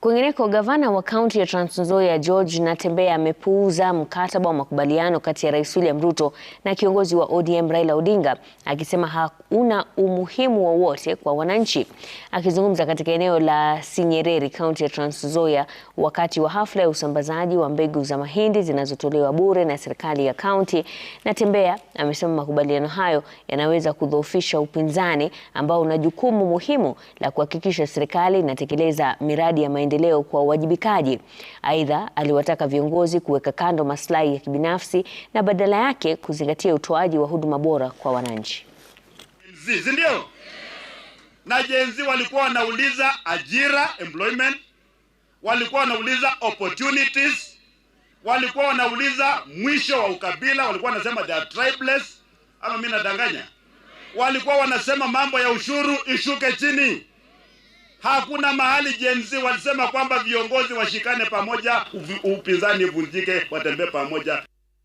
Kwingineko, gavana wa kaunti ya Trans Nzoia George Natembeya amepuuza mkataba wa makubaliano kati ya Rais William Ruto na kiongozi wa ODM Raila Odinga akisema hauna umuhimu wowote wa kwa wananchi. Akizungumza katika eneo la Sinyereri, kaunti ya Trans Nzoia, wakati wa hafla ya usambazaji wa mbegu za mahindi zinazotolewa bure na serikali ya kaunti, Natembeya amesema makubaliano hayo yanaweza kudhoofisha upinzani ambao una jukumu muhimu la kuhakikisha serikali inatekeleza miradi ya maendeleo maendeleo kwa uwajibikaji. Aidha, aliwataka viongozi kuweka kando maslahi ya kibinafsi na badala yake kuzingatia utoaji wa huduma bora kwa wananchi. Si ndio? Na jenzi walikuwa wanauliza ajira, employment, walikuwa wanauliza opportunities, walikuwa wanauliza mwisho wa ukabila, walikuwa wanasema they are tribeless, ama mimi nadanganya? Walikuwa wanasema mambo ya ushuru ishuke chini. Hakuna mahali jenzi walisema kwamba viongozi washikane pamoja, upinzani uvunjike, watembee pamoja.